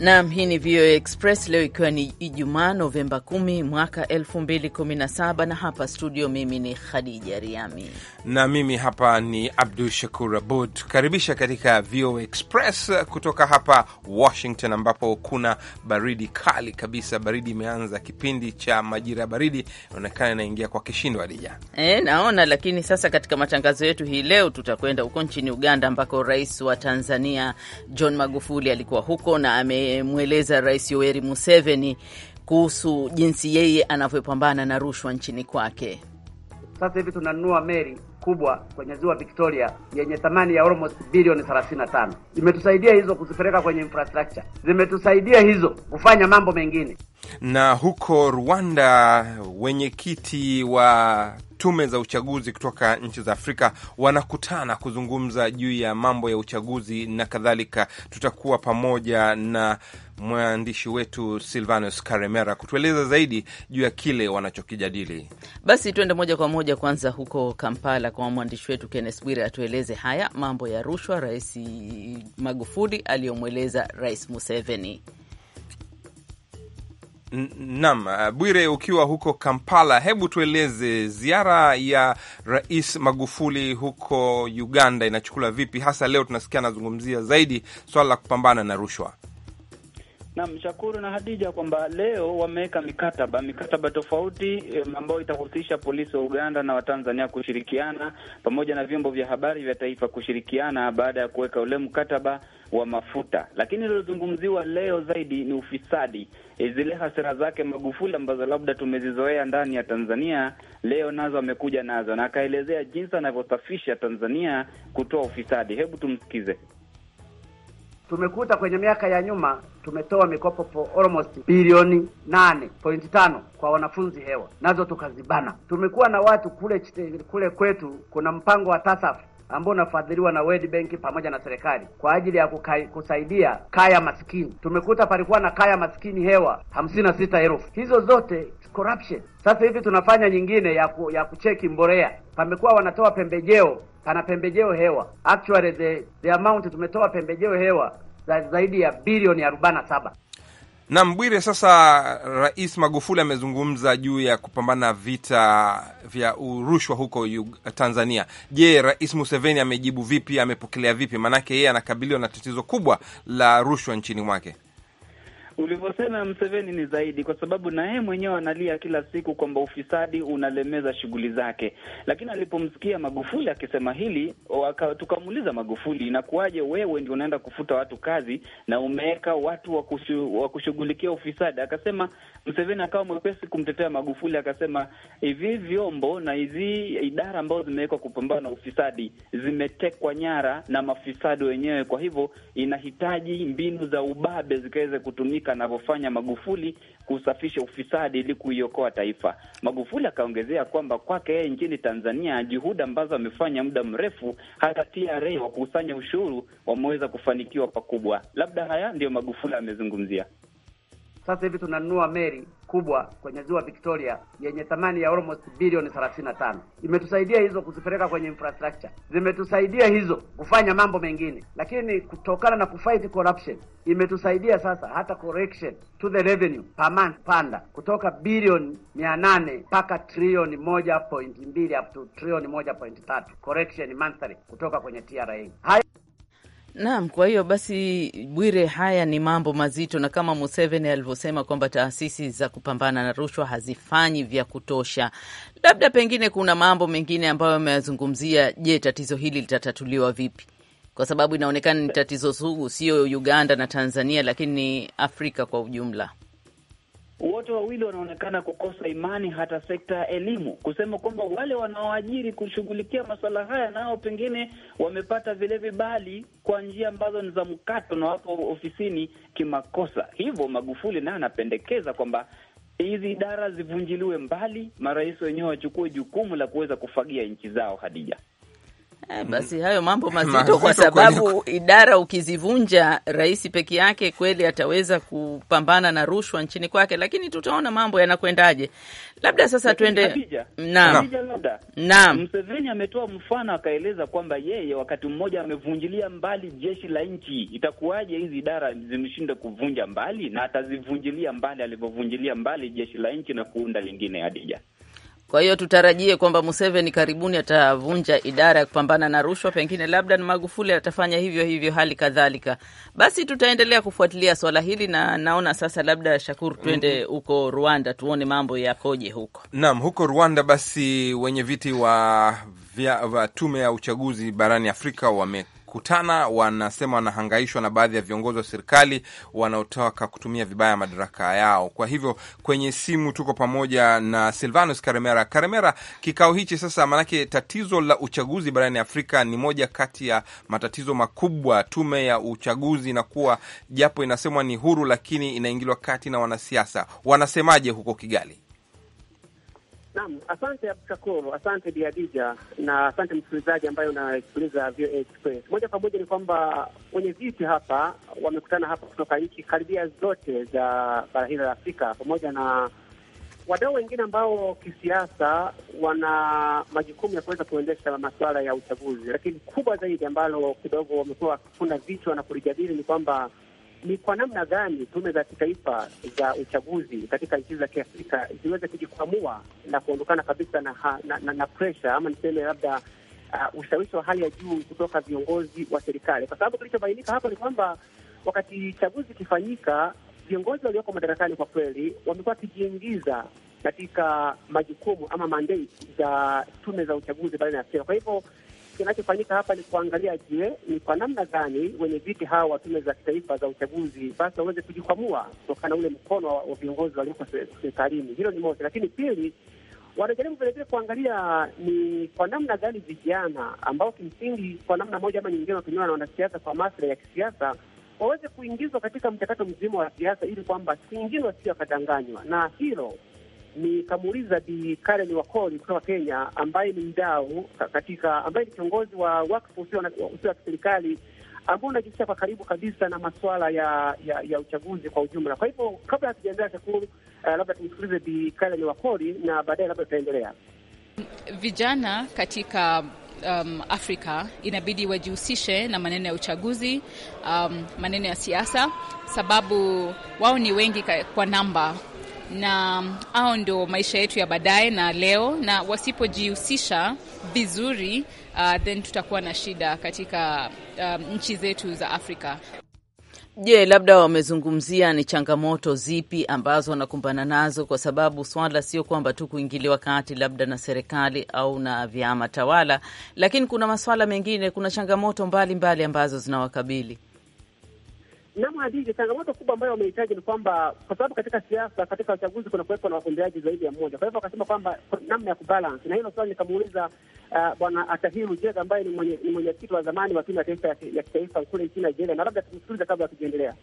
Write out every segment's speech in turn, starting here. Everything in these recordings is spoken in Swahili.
Naam, hii ni VOA Express leo ikiwa ni Ijumaa Novemba 10 mwaka 2017, na hapa studio mimi ni Khadija Riami na mimi hapa ni Abdu Shakur Abud. Karibisha katika VOA Express kutoka hapa Washington, ambapo kuna baridi kali kabisa. Baridi imeanza, kipindi cha majira ya baridi inaonekana inaingia kwa kishindo, Hadija. E, naona. Lakini sasa katika matangazo yetu hii leo tutakwenda huko nchini Uganda, ambako rais wa Tanzania John Magufuli alikuwa huko na ame amemweleza Rais Yoweri Museveni kuhusu jinsi yeye anavyopambana na rushwa nchini kwake. Sasa hivi tunanunua meli kubwa kwenye ziwa Victoria yenye thamani ya almost bilioni 35. Imetusaidia hizo kuzipeleka kwenye infrastructure, zimetusaidia hizo kufanya mambo mengine. Na huko Rwanda, wenyekiti wa tume za uchaguzi kutoka nchi za Afrika wanakutana kuzungumza juu ya mambo ya uchaguzi na kadhalika. Tutakuwa pamoja na mwandishi wetu Silvanus Karemera kutueleza zaidi juu ya kile wanachokijadili. Basi tuende moja kwa moja kwanza huko Kampala kwa mwandishi wetu Kennes Bwire atueleze haya mambo ya rushwa Rais Magufuli aliyomweleza Rais Museveni. Naam, uh, Bwire, ukiwa huko Kampala, hebu tueleze ziara ya Rais Magufuli huko Uganda inachukula vipi, hasa leo tunasikia anazungumzia zaidi swala la kupambana na rushwa. Naam, Shakuru na Hadija, kwamba leo wameweka mikataba mikataba tofauti ambayo itahusisha polisi wa Uganda na Watanzania kushirikiana pamoja na vyombo vya habari vya taifa kushirikiana baada ya kuweka ule mkataba wa mafuta. Lakini lilozungumziwa leo zaidi ni ufisadi, e, zile hasira zake Magufuli ambazo labda tumezizoea ndani ya Tanzania, leo nazo amekuja nazo na akaelezea jinsi anavyosafisha Tanzania kutoa ufisadi. Hebu tumsikize tumekuta kwenye miaka ya nyuma tumetoa mikopo po almost bilioni nane pointi tano kwa wanafunzi hewa, nazo tukazibana. Tumekuwa na watu kule kule kwetu, kuna mpango wa TASAF ambao unafadhiliwa na World Bank pamoja na serikali kwa ajili ya kukai, kusaidia kaya maskini. Tumekuta palikuwa na kaya maskini hewa hamsini na sita elfu. Hizo zote corruption. Sasa hivi tunafanya nyingine ya, ku, ya kucheki mbolea pamekuwa wanatoa pembejeo, pana pembejeo hewa. Actually the, the amount tumetoa pembejeo hewa za zaidi ya bilioni arobaini na saba. Na Mbwire, sasa Rais Magufuli amezungumza juu ya kupambana vita vya rushwa huko Tanzania. Je, Rais Museveni amejibu vipi? Amepokelea vipi? Maanake yeye anakabiliwa na tatizo kubwa la rushwa nchini mwake ulivyosema Mseveni ni zaidi, kwa sababu na yeye mwenyewe analia kila siku kwamba ufisadi unalemeza shughuli zake, lakini alipomsikia Magufuli akisema hili, tukamuuliza Magufuli, inakuwaje wewe ndio unaenda kufuta watu kazi na umeweka watu wa kushughulikia ufisadi? Akasema Museveni akawa mwepesi kumtetea Magufuli, akasema hivi vyombo na hizi idara ambazo zimewekwa kupambana na ufisadi zimetekwa nyara na mafisadi wenyewe, kwa hivyo inahitaji mbinu za ubabe zikaweze kutumika anavyofanya Magufuli kusafisha ufisadi ili kuiokoa taifa. Magufuli akaongezea kwamba kwake yeye nchini Tanzania juhudi ambazo amefanya muda mrefu, hata TRA wakusanya ushuru wameweza kufanikiwa pakubwa. Labda haya ndiyo Magufuli amezungumzia. Sasa hivi tunanunua meli kubwa kwenye ziwa Victoria yenye thamani ya almost bilioni tano. Imetusaidia hizo kuzipeleka kwenye infrastructure, zimetusaidia hizo kufanya mambo mengine, lakini kutokana na kufight corruption imetusaidia sasa hata correction to the revenue per month panda kutoka bilioni nane mpaka trilioni mbili up to trilioni tatu correction monthly kutoka kwenye TRA. Hai Naam, kwa hiyo basi, Bwire, haya ni mambo mazito, na kama Museveni alivyosema kwamba taasisi za kupambana na rushwa hazifanyi vya kutosha, labda pengine kuna mambo mengine ambayo ameyazungumzia. Je, tatizo hili litatatuliwa vipi? Kwa sababu inaonekana ni tatizo sugu, sio Uganda na Tanzania, lakini ni Afrika kwa ujumla wote wawili wanaonekana kukosa imani hata sekta ya elimu, kusema kwamba wale wanaoajiri kushughulikia masuala haya nao pengine wamepata vile vibali kwa njia ambazo ni za mkato na wapo ofisini kimakosa. Hivyo Magufuli naye anapendekeza kwamba hizi idara zivunjiliwe mbali, marais wenyewe wachukue jukumu la kuweza kufagia nchi zao. Hadija Eh, basi mm. hayo mambo mazito kwa sababu idara ukizivunja, rais peke yake kweli ataweza kupambana na rushwa nchini kwake, lakini tutaona mambo yanakwendaje. Labda sasa tuende. Mseveni ametoa mfano akaeleza kwamba yeye wakati mmoja amevunjilia mbali jeshi la nchi. Itakuwaje hizi idara zimshinde kuvunja mbali, na atazivunjilia mbali alivyovunjilia mbali jeshi la nchi na kuunda lingine? Hadija kwa hiyo tutarajie kwamba Museveni karibuni atavunja idara ya kupambana na rushwa, pengine labda ni Magufuli atafanya hivyo hivyo, hali kadhalika. Basi tutaendelea kufuatilia swala hili, na naona sasa labda Shakur, tuende mhm. huko Rwanda tuone mambo yakoje huko. Naam, huko Rwanda basi viti wa, vya, wa tume ya uchaguzi barani Afrika wame wanakutana, wanasema wanahangaishwa na baadhi ya viongozi wa serikali wanaotaka kutumia vibaya madaraka yao. Kwa hivyo kwenye simu tuko pamoja na Silvanus Karemera. Karemera, kikao hichi sasa, maanake tatizo la uchaguzi barani Afrika ni moja kati ya matatizo makubwa. Tume ya uchaguzi inakuwa japo inasemwa ni huru, lakini inaingiliwa kati na wanasiasa. Wanasemaje huko Kigali? Naam, asante Abdushakur, asante Biadija na asante msikilizaji ambaye unasikiliza VOA Express moja kwa moja. Ni kwamba wenye viti hapa wamekutana hapa kutoka nchi karibia zote za bara hili la Afrika pamoja na wadau wengine ambao kisiasa wana majukumu ya kuweza kuendesha masuala ya uchaguzi, lakini kubwa zaidi ambalo kidogo wamekuwa wakifunda vichwa na kulijadili ni kwamba ni kwa namna gani tume za kitaifa za uchaguzi katika nchi za Kiafrika ziweze kujikwamua na kuondokana kabisa na, na, na, na presha ama niseme labda uh, ushawishi wa hali ya juu kutoka viongozi wa serikali, kwa sababu kilichobainika hapa ni kwamba wakati chaguzi ikifanyika, viongozi walioko madarakani kwa kweli wamekuwa wakijiingiza katika majukumu ama mandate za tume za uchaguzi barani Afrika. Kwa hivyo kinachofanyika hapa ni kuangalia, je, ni kwa namna gani wenye viti hawa wa tume za kitaifa za uchaguzi basi waweze kujikwamua kutokana na ule mkono wa viongozi walioko serikalini. Hilo ni moja, lakini pili wanajaribu vilevile kuangalia ni kwa namna gani vijana ambao kimsingi kwa namna moja ama nyingine wanatumiwa na wanasiasa kwa maslahi ya kisiasa waweze kuingizwa katika mchakato mzima wa siasa, ili kwamba siku nyingine wasije wakadanganywa. Na hilo nikamuuliza Bi Karen Wakoli kutoka Kenya, ambaye ni mdau katika, ambaye ni kiongozi wa wakfu usio wa kiserikali ambao unajihusisha kwa karibu kabisa na masuala ya, ya, ya uchaguzi kwa ujumla. Kwa hivyo kabla hatujaendelea chakuru, uh, eh, labda tumsikilize Bi Karen Wakoli na baadaye labda tutaendelea vijana katika Um, Afrika inabidi wajihusishe na maneno ya uchaguzi, um, maneno ya siasa, sababu wao ni wengi kwa namba na mm, hao ndio maisha yetu ya baadaye na leo, na wasipojihusisha vizuri uh, then tutakuwa na shida katika uh, nchi zetu za Afrika. Je, labda wamezungumzia ni changamoto zipi ambazo wanakumbana nazo, kwa sababu swala sio kwamba tu kuingiliwa kati labda na serikali au na vyama tawala, lakini kuna maswala mengine, kuna changamoto mbalimbali mbali ambazo zinawakabili Naam, Hadija, changamoto kubwa ambayo wamehitaji ni kwamba kwa sababu katika siasa, katika uchaguzi kuna kuwepo na wagombeaji zaidi ya mmoja. Kwa hivyo wakasema kwamba namna ya kubalance, na hilo swali nikamuuliza uh, bwana Atahiru Jega ambaye ni mwenyekiti mwenye wa zamani wa timu ya taifa ya kitaifa kule nchini Nigeria, na labda tumsikilize kabla ya kujiendelea.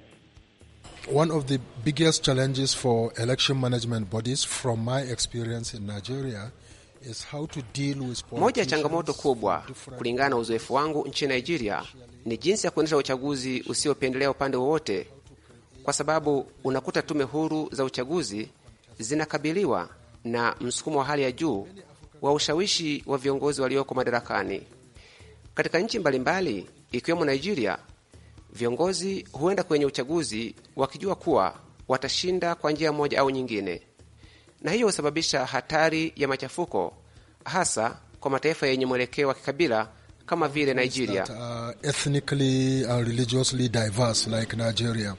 One of the biggest challenges for election management bodies from my experience in Nigeria moja ya changamoto kubwa kulingana na uzoefu wangu nchini Nigeria ni jinsi ya kuendesha uchaguzi usiopendelea upande wowote, kwa sababu unakuta tume huru za uchaguzi zinakabiliwa na msukumo wa hali ya juu wa ushawishi wa viongozi walioko madarakani. Katika nchi mbalimbali ikiwemo Nigeria, viongozi huenda kwenye uchaguzi wakijua kuwa watashinda kwa njia moja au nyingine na hiyo husababisha hatari ya machafuko hasa kwa mataifa yenye mwelekeo wa kikabila kama vile uh, uh, Nigeria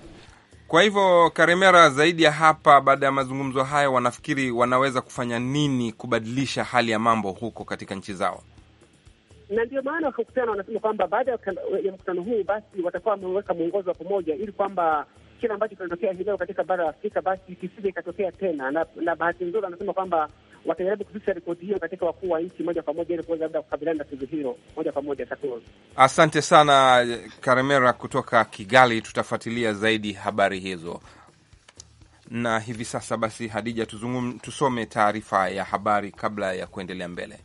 Kwa hivyo Karemera, zaidi ya hapa, baada ya mazungumzo haya, wanafikiri wanaweza kufanya nini kubadilisha hali ya mambo huko katika nchi zao? Na ndio maana wakakutana, wanasema kwamba baada ya mkutano huu basi watakuwa wameweka mwongozo wa pamoja ili kwamba kile ambacho kinatokea hii leo katika bara la Afrika basi kisije ikatokea tena, na, na bahati nzuri anasema kwamba watajaribu kususa rekodi hiyo katika wakuu wa nchi moja kwa moja ili kuweza labda kukabiliana na tatizo hilo moja kwa moja. Shakuru, asante sana Karemera kutoka Kigali, tutafuatilia zaidi habari hizo. Na hivi sasa basi, Hadija, tuzungum tusome taarifa ya habari kabla ya kuendelea mbele.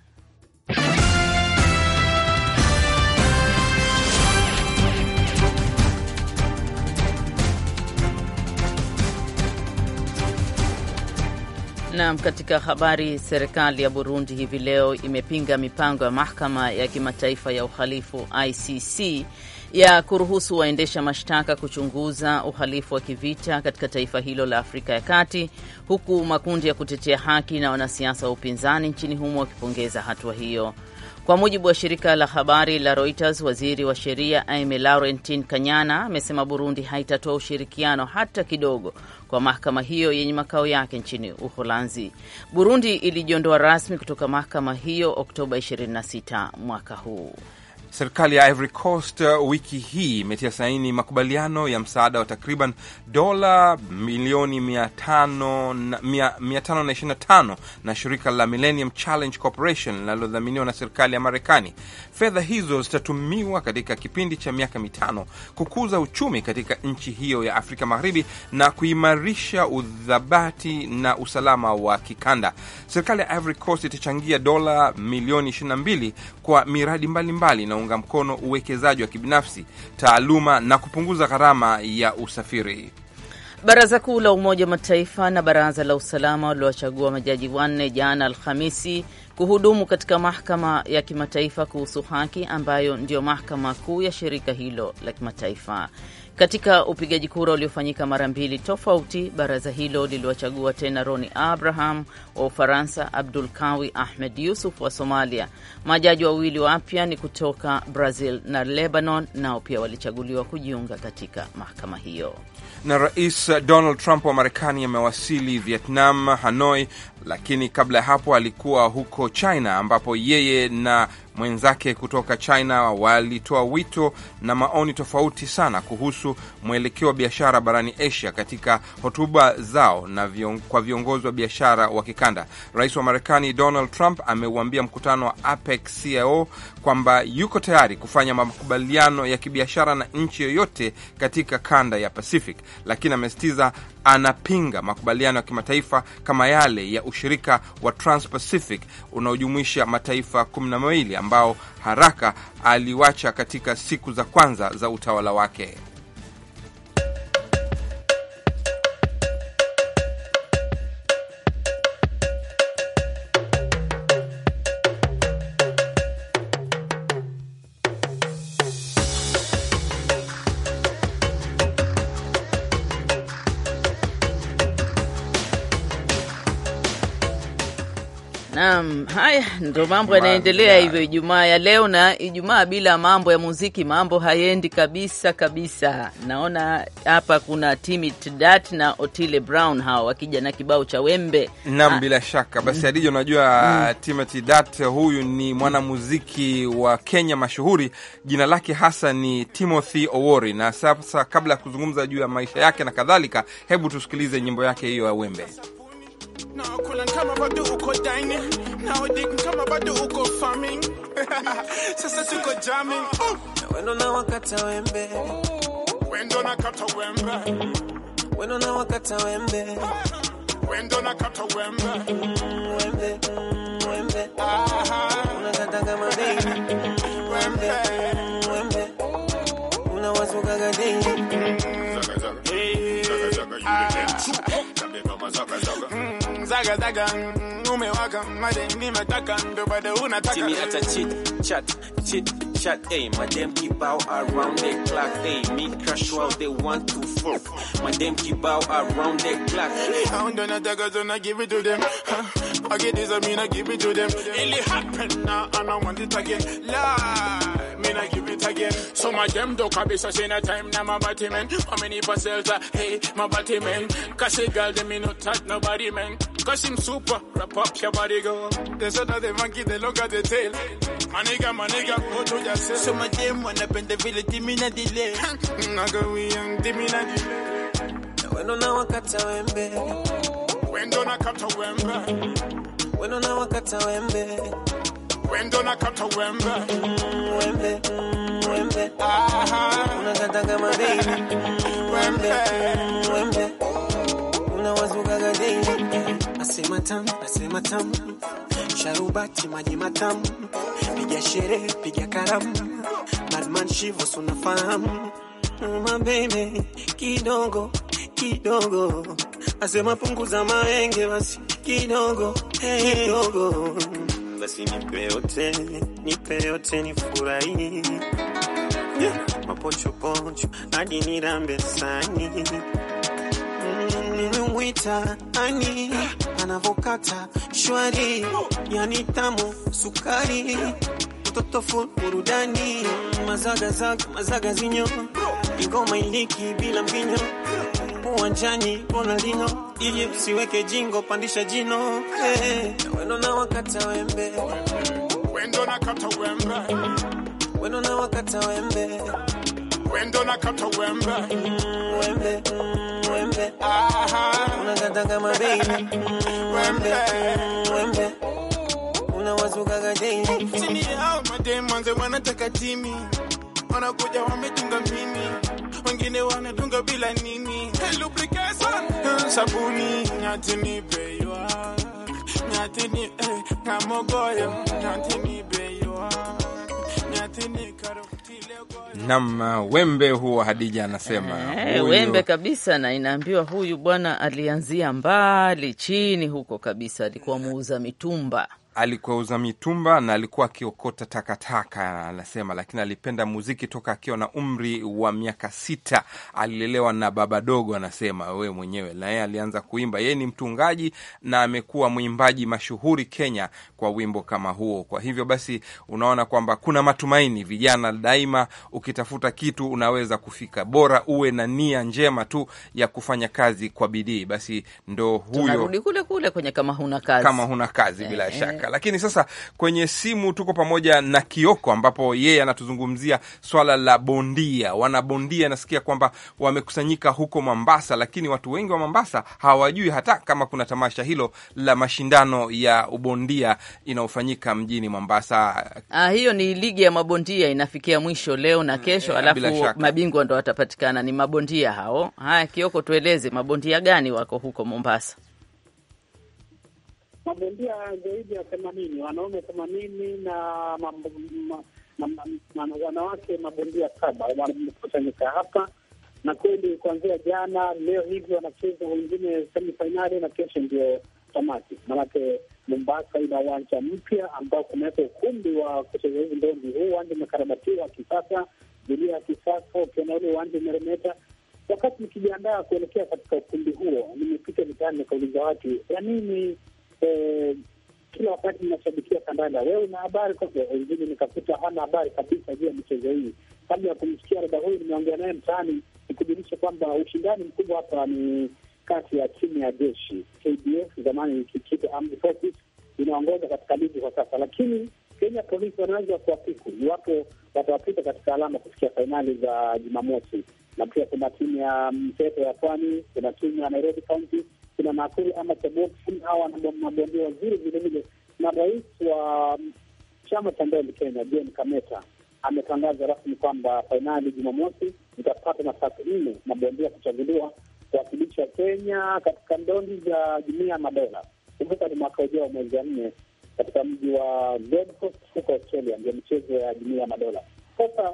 Naam, katika habari, serikali ya Burundi hivi leo imepinga mipango ya mahakama ya kimataifa ya uhalifu ICC ya kuruhusu waendesha mashtaka kuchunguza uhalifu wa kivita katika taifa hilo la Afrika ya Kati, huku makundi ya kutetea haki na wanasiasa wa upinzani nchini humo wakipongeza hatua hiyo. Kwa mujibu wa shirika la habari la Reuters, waziri wa sheria Aime Laurentin Kanyana amesema Burundi haitatoa ushirikiano hata kidogo kwa mahakama hiyo yenye makao yake nchini Uholanzi. Burundi ilijiondoa rasmi kutoka mahakama hiyo Oktoba 26 mwaka huu. Serikali ya Ivory Coast uh, wiki hii imetia saini makubaliano ya msaada wa takriban dola milioni 525 na shirika la Millennium Challenge Corporation linalodhaminiwa na serikali ya Marekani. Fedha hizo zitatumiwa katika kipindi cha miaka mitano kukuza uchumi katika nchi hiyo ya Afrika Magharibi na kuimarisha udhabati na usalama wa kikanda. Serikali ya Ivory Coast itachangia dola milioni 22 kwa miradi mbalimbali mbali na inaunga mkono uwekezaji wa kibinafsi, taaluma na kupunguza gharama ya usafiri. Baraza Kuu la Umoja wa Mataifa na Baraza la Usalama waliwachagua majaji wanne jana Alhamisi kuhudumu katika mahakama ya kimataifa kuhusu haki ambayo ndiyo mahakama kuu ya shirika hilo la kimataifa. Katika upigaji kura uliofanyika mara mbili tofauti, baraza hilo liliwachagua tena Roni Abraham wa Ufaransa, Abdul Kawi Ahmed Yusuf wa Somalia. Majaji wawili wapya ni kutoka Brazil na Lebanon, nao pia walichaguliwa kujiunga katika mahakama hiyo. Na Rais Donald Trump wa Marekani amewasili Vietnam, Hanoi lakini kabla ya hapo alikuwa huko China ambapo yeye na mwenzake kutoka China walitoa wito na maoni tofauti sana kuhusu mwelekeo wa biashara barani Asia katika hotuba zao na vion, kwa viongozi wa biashara wa kikanda. Rais wa Marekani Donald Trump ameuambia mkutano wa APEC CIO kwamba yuko tayari kufanya makubaliano ya kibiashara na nchi yoyote katika kanda ya Pacific, lakini amesitiza anapinga makubaliano ya kimataifa kama yale ya ushirika wa transpacific unaojumuisha mataifa kumi na mawili ambao haraka aliwacha katika siku za kwanza za utawala wake. Ndo mambo yanaendelea hivyo Ijumaa ya leo na Ijumaa bila mambo ya muziki, mambo hayendi kabisa kabisa. Naona hapa kuna Timi na Otile Brown hawa wakija na kibao cha wembe nam. Ah. Bila shaka basi, mm. Hadija, unajua ah, mm. Timi Tidat huyu ni mwanamuziki wa Kenya mashuhuri, jina lake hasa ni Timothy Owori. Na sasa kabla ya kuzungumza juu ya maisha yake na kadhalika, hebu tusikilize nyimbo yake hiyo ya wembe na kula kama bado uko dine na udik kama bado uko farming sasa tuko jamming oh. wendo na wakata wembe wendo na kata wembe wendo na wakata wembe wendo na kata wembe wembe wembe unakata kama dini wembe wembe unawasuka gadini Zaga zaga, zaga zaga, you the best. Zaga mama zaga zaga. zaga zaga mm, umewaka mademi mataka ndo bado unataka Timmy acha chit chat chit chat hey keep kibao around the clock hey me crush out they want to fuck My keep kibao around the clock I don't know that gonna give it to them huh? I get this I mean I give it to them it happen now and I want it again lie mean I give it again. So my dem do kabisa shena time now. my body man. How many parcels are hey my body man? Cause a girl dem me no touch nobody man. Because I'm super, wrap up your body, go. There's another monkey, the longer the tail. Maniga, maniga, go to yourself. So my jam, when bend the village, dimina delay. Nago, we young, dimina delay. Wendo na wakata wembe. Wendo na kata wembe. Wendo na wakata wembe. Wendo na kata wembe. Mm, wembe, mm, wembe. Ah, unakata kama baby. Wembe, mm, wembe. Unawazuka gadengi nasema tamu, nasema tamu, sharubati maji matamu, piga sherehe, piga karamu, madman shivo sunafahamu, mabebe kidogo kidogo, asema punguza maenge basi kidogo kidogo, basi nipe yote, nipe yote nifurahi, yeah. mapochopocho hadi nirambe sani ani anavokata shwari, yani tamu sukari, mtoto full burudani, mazagazaga mazagazinyo, ingoma iliki bila mginyo, uwanjani Ronaldinho, ili usiweke jingo, pandisha jino, hey, eh, wendo na wakata wembe, wendo na kata wembe, wendo na wakata wembe, wendo na kata wembe, mm, wembe mm wembe, unakata kama baby wembe, wembe mm, unawasukaga daily chini yao mademu wanataka timi, wanakuja wametunga mimi, wengine wanatunga bila nini, hmm, sabuni nyatini beywa nyatini kamogoyo eh, nyatini beywa nyatini Nam wembe huo, Hadija anasema e, huyu... wembe kabisa, na inaambiwa huyu bwana alianzia mbali chini huko kabisa, alikuwa muuza mitumba alikuuza mitumba na alikuwa akiokota takataka, anasema. Lakini alipenda muziki toka akiwa na umri wa miaka sita. Alilelewa na baba dogo, anasema we mwenyewe, na yeye alianza kuimba. Yeye ni mtungaji na amekuwa mwimbaji mashuhuri Kenya kwa wimbo kama huo. Kwa hivyo basi, unaona kwamba kuna matumaini. Vijana daima, ukitafuta kitu unaweza kufika, bora uwe na nia njema tu ya kufanya kazi kwa bidii. Basi ndo huyo, tunarudi kule kule kwenye kama huna kazi, kama huna kazi bila eh, eh. shaka uhakika. Lakini sasa kwenye simu tuko pamoja na Kioko, ambapo yeye anatuzungumzia swala la bondia. Wanabondia nasikia kwamba wamekusanyika huko Mombasa, lakini watu wengi wa Mombasa hawajui hata kama kuna tamasha hilo la mashindano ya ubondia inayofanyika mjini Mombasa. Ah, hiyo ni ligi ya mabondia inafikia mwisho leo na kesho, eh, alafu mabingwa ndo watapatikana. Ni mabondia hao. Haya Kioko, tueleze mabondia gani wako huko Mombasa? mabondia zaidi ya themanini, wanaume themanini na wanawake mabondia saba wamekusanyika hapa, na kweli kuanzia jana leo hivi wanacheza wengine semifainali na kesho ndio tamati. manake Mombasa ina uwanja mpya ambao kumeweka ukumbi wa kucheza hizi ndondi. Huu uwanja umekarabatiwa kisasa, dunia ya kisasa, ukiona ule uwanja umeremeta. Wakati nikijiandaa kuelekea katika ukumbi huo, nimepita mitaani nikauliza watu, ya nini Eh, kila wakati inashabikia kandanda. Wewe una habari kote, wengine nikakuta hana habari kabisa juu ya michezo hii. Kabla ya kumsikia rada huyu, nimeongea naye mtaani, nikujulisha kwamba ushindani mkubwa hapa ni kati ya timu ya jeshi KDF, zamani ikiitwa Forces, inaongoza katika ligi kwa sasa, lakini Kenya Polisi wanaweza kuwapiku iwapo watawapita katika alama kufikia fainali za Jumamosi. Na pia kuna timu ya Mseto ya Pwani, kuna timu ya Nairobi County kina Makuri ama Chebukati, hawa magombea waziri vilevile. Na rais wa um, chama cha Ndoli Kenya Jane Kameta ametangaza rasmi kwamba fainali Jumamosi itapata nafasi nne mabondia kuchaguliwa kuwakilisha Kenya katika ndondi za Jumuiya ya Madola. Kumbuka ni mwaka ujao mwezi wa nne katika mji wa Gold Coast huko Australia, ndio mchezo ya Jumuiya ya Madola. Sasa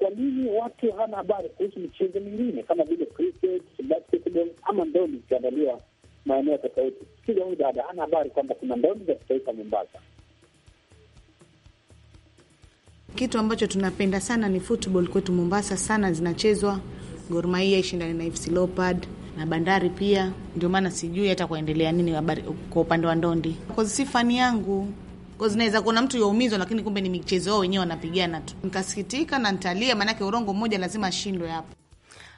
kwa nini watu hana habari kuhusu michezo mingine kama vile cricket, basketball ama ndondi zikiandaliwa maeneo tofauti? Kila huyu dada hana habari kwamba kuna ndondi za kitaifa Mombasa. Kitu ambacho tunapenda sana ni football kwetu Mombasa, sana zinachezwa Gor Mahia ishindane na FC Leopard na Bandari pia, ndio maana sijui hata kuendelea nini habari kwa upande wa ndondi, kwa si fani yangu. Cause naweza kuona mtu yaumizwa, lakini kumbe ni michezo wao wenyewe wanapigana tu. Nikasikitika na ntalia, maanake urongo mmoja lazima ashindwe hapo.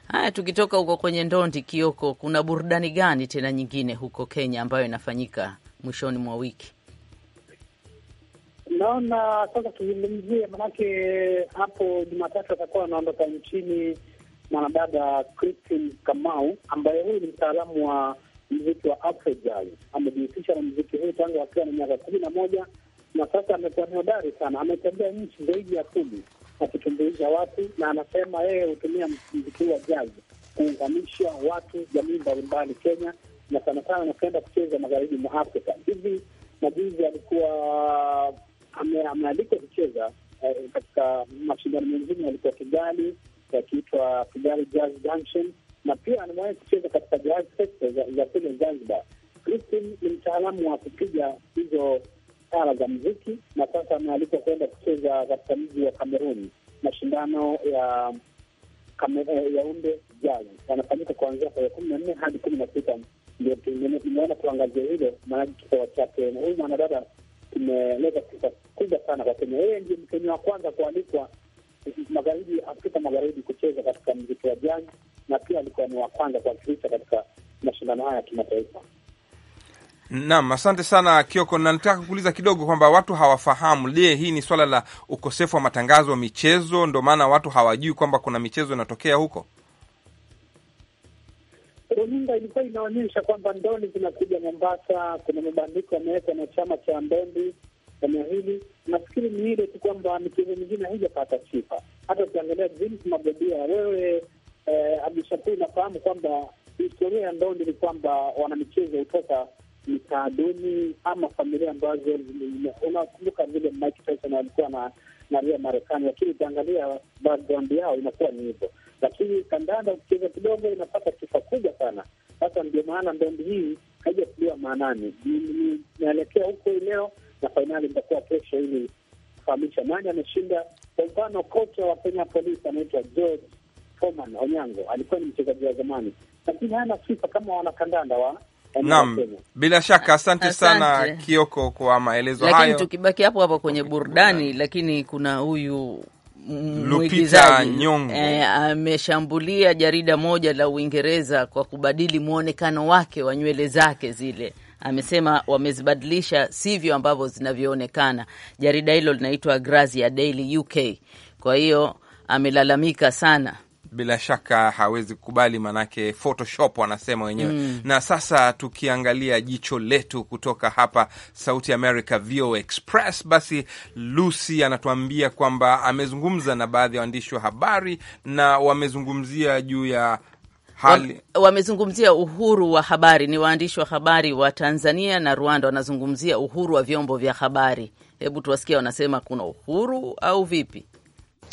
Haya, tukitoka huko kwenye ndondi, Kioko, kuna burudani gani tena nyingine huko Kenya ambayo inafanyika mwishoni mwa wiki? Naona sasa tuzungumzie, manake hapo Jumatatu atakuwa anaondoka nchini mwanadada Christine Kamau, ambaye huyu ni mtaalamu wa mziki wa Afrojazz. Amejihusisha na mziki huu tangu akiwa na miaka kumi na moja na sasa amekuwa ni hodari sana, ametembea nchi zaidi ya kumi akitumbuiza watu, na anasema yeye hutumia mziki wa jazi kuunganisha watu jamii mbalimbali Kenya, na sana sana anapenda kucheza magharibi mwa Afrika. Hivi majuzi alikuwa amealikwa kucheza eh, katika mashindano mengine yalikuwa Kigali yakiitwa Kigali Jazz Junction, na pia amewahi kucheza katika jazz festa za kule Zanzibar. Christine ni mtaalamu wa kupiga hizo ala za muziki, na sasa amealikwa kwenda kucheza katika mji wa Kameruni mashindano ya Yaunde Jazz yanafanyika kuanzia tarehe kumi na nne hadi kumi na sita. Ndio tumeona kuangazia hilo, maanake kipawa na huyu mwanadada kimeleta sifa kubwa sana kwa Kenya. Yeye ndio Mkenya wa kwanza kualikwa magharibi, Afrika Magharibi, kucheza katika mziki wa jazz, na pia alikuwa ni wa kwanza kuwakilisha katika mashindano haya ya kimataifa. Naam, asante sana Kioko, na nitaka kuuliza kidogo kwamba watu hawafahamu. Je, hii ni swala la ukosefu wa matangazo wa michezo, ndo maana watu hawajui kwamba kuna michezo inatokea huko? Runinga ilikuwa inaonyesha kwamba ndoni zinakuja Mombasa, kuna mabandiko yamewekwa na chama cha ndondi eneo hili. Nafikiri ni ile tu kwamba michezo mingine haijapata sifa. Hata ukiangalia jinsi magodia wewe, eh, Abdu kwamba historia ya ndondi ni kwamba wanamichezo hutoka mitaa duni ama familia ambazo unakumbuka vile Mike Tyson alikuwa na naria Marekani, lakini ukiangalia background yao inakuwa ni hivyo, lakini kandanda ukicheza kidogo inapata sifa kubwa sana. Sasa ndio maana ndondi hii haijakuliwa maanani, inaelekea huko leo na fainali itakuwa kesho, ili kufahamisha nani ameshinda. Kwa mfano, kocha wa Kenya Police anaitwa George Foreman Onyango, alikuwa ni mchezaji wa zamani, lakini hana sifa kama wanakandanda wa Naam, bila shaka asante, asante sana Kioko kwa maelezo hayo, lakini tukibaki hapo hapo kwenye burudani, lakini kuna huyu Lupita Nyong'o e, ameshambulia jarida moja la Uingereza kwa kubadili mwonekano wake wa nywele zake zile. Amesema wamezibadilisha sivyo ambavyo zinavyoonekana. Jarida hilo linaitwa Grazia Daily UK. Kwa hiyo amelalamika sana bila shaka hawezi kukubali, maanake Photoshop wanasema wenyewe mm. Na sasa tukiangalia jicho letu kutoka hapa Sauti America VO Express, basi Lucy anatuambia kwamba amezungumza na baadhi ya waandishi wa habari na wamezungumzia juu ya hali wamezungumzia uhuru wa habari. Ni waandishi wa habari wa Tanzania na Rwanda wanazungumzia uhuru wa vyombo vya habari. Hebu tuwasikia wanasema kuna uhuru au vipi?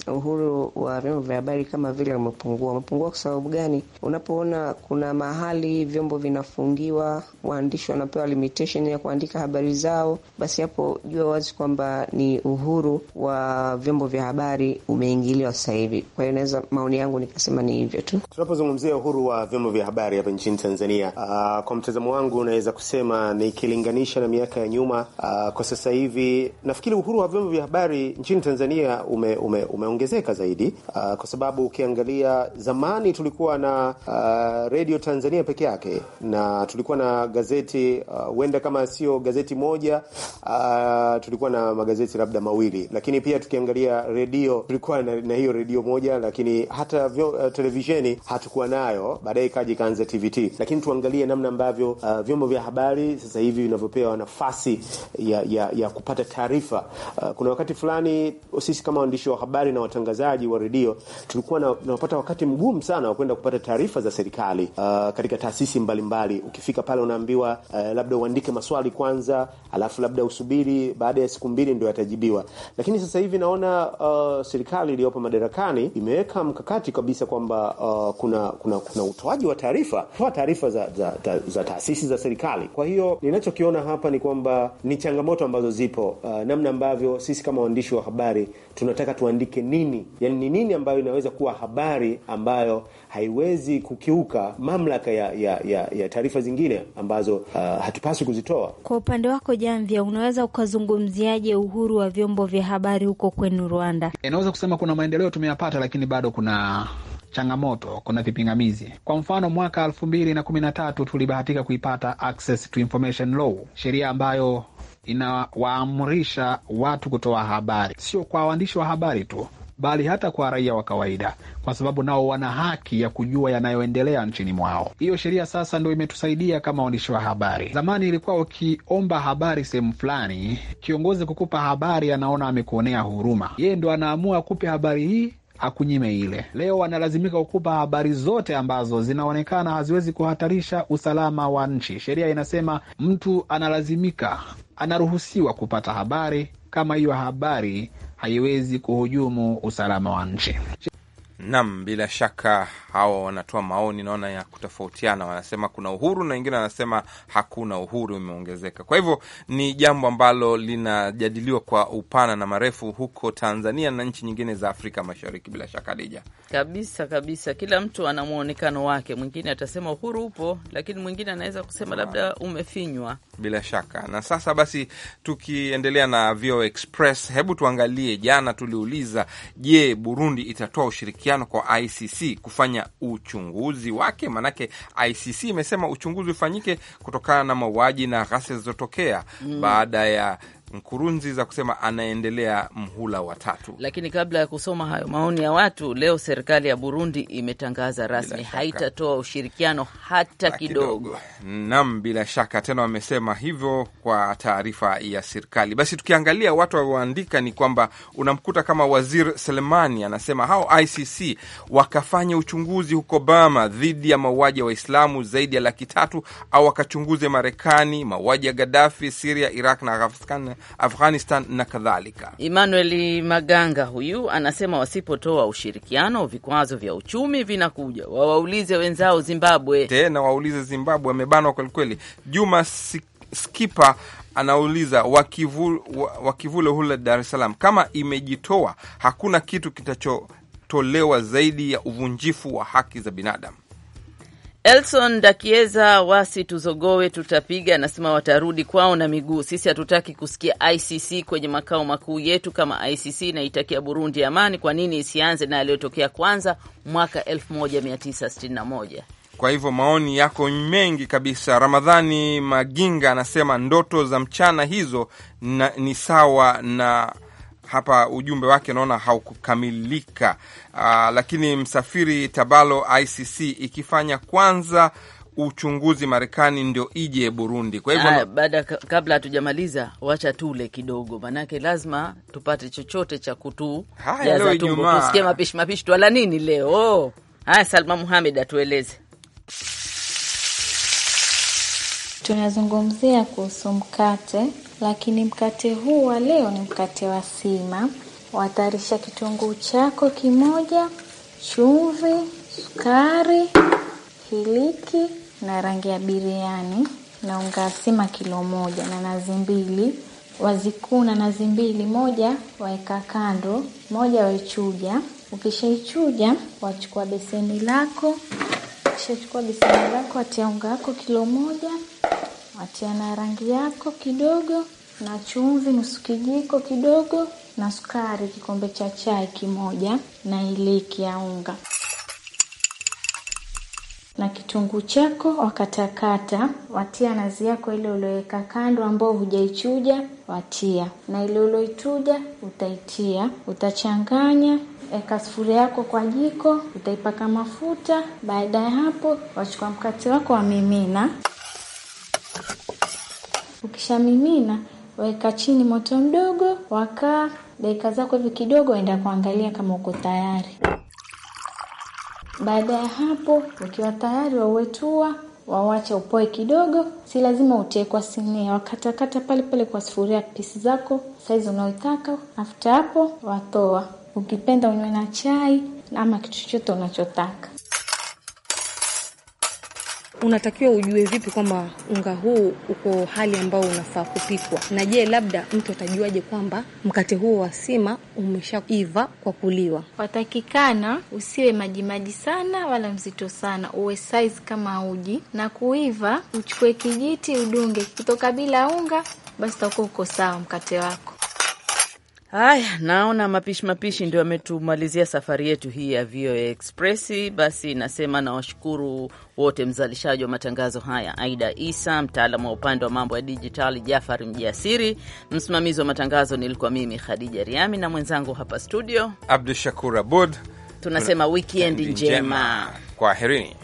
uhuru wa vyombo vya habari kama vile umepungua. Umepungua kwa sababu gani? Unapoona kuna mahali vyombo vinafungiwa, waandishi wanapewa limitation ya kuandika habari zao, basi hapo jua wazi kwamba ni uhuru wa vyombo vya habari umeingiliwa sasa hivi. Kwa hiyo naweza, maoni yangu nikasema ni hivyo tu. Tunapozungumzia uhuru wa vyombo vya habari hapa nchini Tanzania, uh, kwa mtazamo wangu naweza kusema nikilinganisha na miaka ya nyuma, uh, kwa sasa hivi nafikiri uhuru wa vyombo vya habari nchini Tanzania ume, ume, ume yanaongezeka zaidi, uh, kwa sababu ukiangalia zamani tulikuwa na uh, redio Tanzania peke yake na tulikuwa na gazeti uh, huenda uh, kama sio gazeti moja uh, tulikuwa na magazeti labda mawili, lakini pia tukiangalia redio tulikuwa na, na hiyo redio moja, lakini hata vyo, uh, televisheni hatukuwa nayo, baadaye ikaja ikaanza TVT. Lakini tuangalie namna ambavyo uh, vyombo vya habari sasa hivi vinavyopewa nafasi ya, ya, ya kupata taarifa uh, kuna wakati fulani sisi kama waandishi wa habari na na watangazaji wa redio tulikuwa na, napata wakati mgumu sana wa kwenda kupata taarifa za serikali uh, katika taasisi mbalimbali mbali. Ukifika pale unaambiwa uh, labda uandike maswali kwanza, alafu labda usubiri, baada ya siku mbili ndio yatajibiwa. Lakini sasa hivi naona uh, serikali iliyopo madarakani imeweka mkakati kabisa kwamba uh, kuna, kuna, kuna utoaji wa taarifa toa taarifa za, za, za, za taasisi za serikali. Kwa hiyo ninachokiona hapa ni kwamba ni changamoto ambazo zipo uh, namna ambavyo sisi kama waandishi wa habari tunataka tuandike yake nini, yani ni nini ambayo inaweza kuwa habari ambayo haiwezi kukiuka mamlaka ya, ya, ya, ya taarifa zingine ambazo uh, hatupaswi kuzitoa. Kwa upande wako Jamvya, unaweza ukazungumziaje uhuru wa vyombo vya habari huko kwenu Rwanda? Inaweza e, kusema kuna maendeleo tumeyapata, lakini bado kuna changamoto, kuna vipingamizi. Kwa mfano, mwaka elfu mbili na kumi na tatu tulibahatika kuipata access to information law, sheria ambayo inawaamrisha watu kutoa habari, sio kwa waandishi wa habari tu, bali hata kwa raia wa kawaida, kwa sababu nao wana haki ya kujua yanayoendelea nchini mwao. Hiyo sheria sasa ndo imetusaidia kama waandishi wa habari. Zamani ilikuwa ukiomba habari sehemu fulani, kiongozi kukupa habari anaona amekuonea huruma, yeye ndo anaamua kupe habari hii akunyime ile. Leo wanalazimika kukupa habari zote ambazo zinaonekana haziwezi kuhatarisha usalama wa nchi. Sheria inasema mtu analazimika, anaruhusiwa kupata habari kama hiyo habari haiwezi kuhujumu usalama wa nchi. Nam, bila shaka hawa wanatoa maoni naona ya kutofautiana. Wanasema kuna uhuru na wengine wanasema hakuna uhuru, umeongezeka Kwa hivyo ni jambo ambalo linajadiliwa kwa upana na marefu huko Tanzania na nchi nyingine za Afrika Mashariki. Bila shaka, Dija, kabisa kabisa, kila mtu ana mwonekano wake. Mwingine atasema uhuru upo, lakini mwingine anaweza kusema labda umefinywa. Bila shaka. Na sasa basi, tukiendelea na VOA Express, hebu tuangalie, jana tuliuliza, je, Burundi itatoa ushirikiano ushirikiano kwa ICC kufanya uchunguzi wake. Maanake ICC imesema uchunguzi ufanyike kutokana na mauaji na ghasia zilizotokea mm. baada ya za kusema anaendelea mhula wa tatu. Lakini kabla ya kusoma hayo maoni ya watu, leo serikali ya Burundi imetangaza rasmi haitatoa ushirikiano hata kidogo. Naam, bila shaka tena wamesema hivyo kwa taarifa ya serikali. Basi tukiangalia watu walioandika ni kwamba unamkuta kama Waziri Selemani anasema hao ICC wakafanya uchunguzi huko Bama dhidi ya mauaji ya Waislamu zaidi ya laki tatu au wakachunguze Marekani mauaji ya Gadafi, Siria, Iraq na Afghanistan Afghanistan na kadhalika. Emmanuel Maganga huyu anasema wasipotoa ushirikiano, vikwazo vya uchumi vinakuja. Wawaulize wenzao Zimbabwe, tena waulize Zimbabwe, wamebanwa kwelikweli. Juma Skipa anauliza wakivule hule Dar es Salaam, kama imejitoa hakuna kitu kitachotolewa zaidi ya uvunjifu wa haki za binadamu. Elson Dakieza wasi tuzogowe, tutapiga. Anasema watarudi kwao na miguu. Sisi hatutaki kusikia ICC kwenye makao makuu yetu. Kama ICC inaitakia Burundi amani, kwa nini isianze na yaliyotokea kwanza mwaka 1961? Kwa hivyo maoni yako mengi kabisa. Ramadhani Maginga anasema ndoto za mchana hizo na, ni sawa na hapa ujumbe wake naona haukukamilika. Uh, lakini msafiri Tabalo ICC ikifanya kwanza uchunguzi Marekani ndio ije Burundi. Kwa hivyo baada, kabla hatujamaliza, wacha tule kidogo, manake lazima tupate chochote cha kutujaza mapishi mapishi, twala nini leo? Oh! Haya, Salma Muhamed atueleze Tunazungumzia kuhusu mkate, lakini mkate huu wa leo ni mkate wa sima. Watayarisha kitunguu chako kimoja, chumvi, sukari, hiliki na rangi ya biriani na unga sima kilo moja na nazi mbili. Wazikuu na nazi mbili, moja waeka kando, moja waichuja. Ukishaichuja, wachukua beseni lako Ukishachukua beseni lako, watia unga wako kilo moja, watia na rangi yako kidogo na chumvi nusu kijiko kidogo na sukari kikombe cha chai kimoja na iliki ya unga na kitunguu chako wakatakata, watia nazi yako ile ulioweka kando ambao hujaichuja watia, na ile ulioichuja utaitia, utachanganya Eka sufuria yako kwa jiko, utaipaka mafuta. Baada ya hapo, wachukua mkate wako wa ukisha Ukishamimina, weka chini moto mdogo, wakaa dakika zako hivi kidogo, waenda kuangalia kama uko tayari. Baada ya hapo, ukiwa tayari wauetua, wawacha upoe kidogo. Si lazima utie kwa sinia, wakatakata pale pale kwa sufuria pisi zako saizi unaoitaka. After hapo, watoa. Ukipenda unywe na chai ama kitu chochote unachotaka unatakiwa ujue vipi kwamba unga huu uko hali ambayo unafaa kupikwa, na je, labda mtu atajuaje kwamba mkate huo wa sima umeshaiva kwa kuliwa? Watakikana usiwe majimaji sana wala mzito sana, uwe size kama uji. Na kuiva uchukue kijiti udunge, kutoka bila unga, basi utakuwa uko sawa mkate wako. Haya, naona mapishi mapishi ndio ametumalizia safari yetu hii ya VOA Express. Basi nasema nawashukuru wote, mzalishaji wa matangazo haya Aida Isa, mtaalamu wa upande wa mambo ya dijitali Jafari Mjasiri, msimamizi wa matangazo nilikuwa mimi Khadija Riami na mwenzangu hapa studio Abdu Shakur Abud. Tunasema wikendi njema, kwaherini.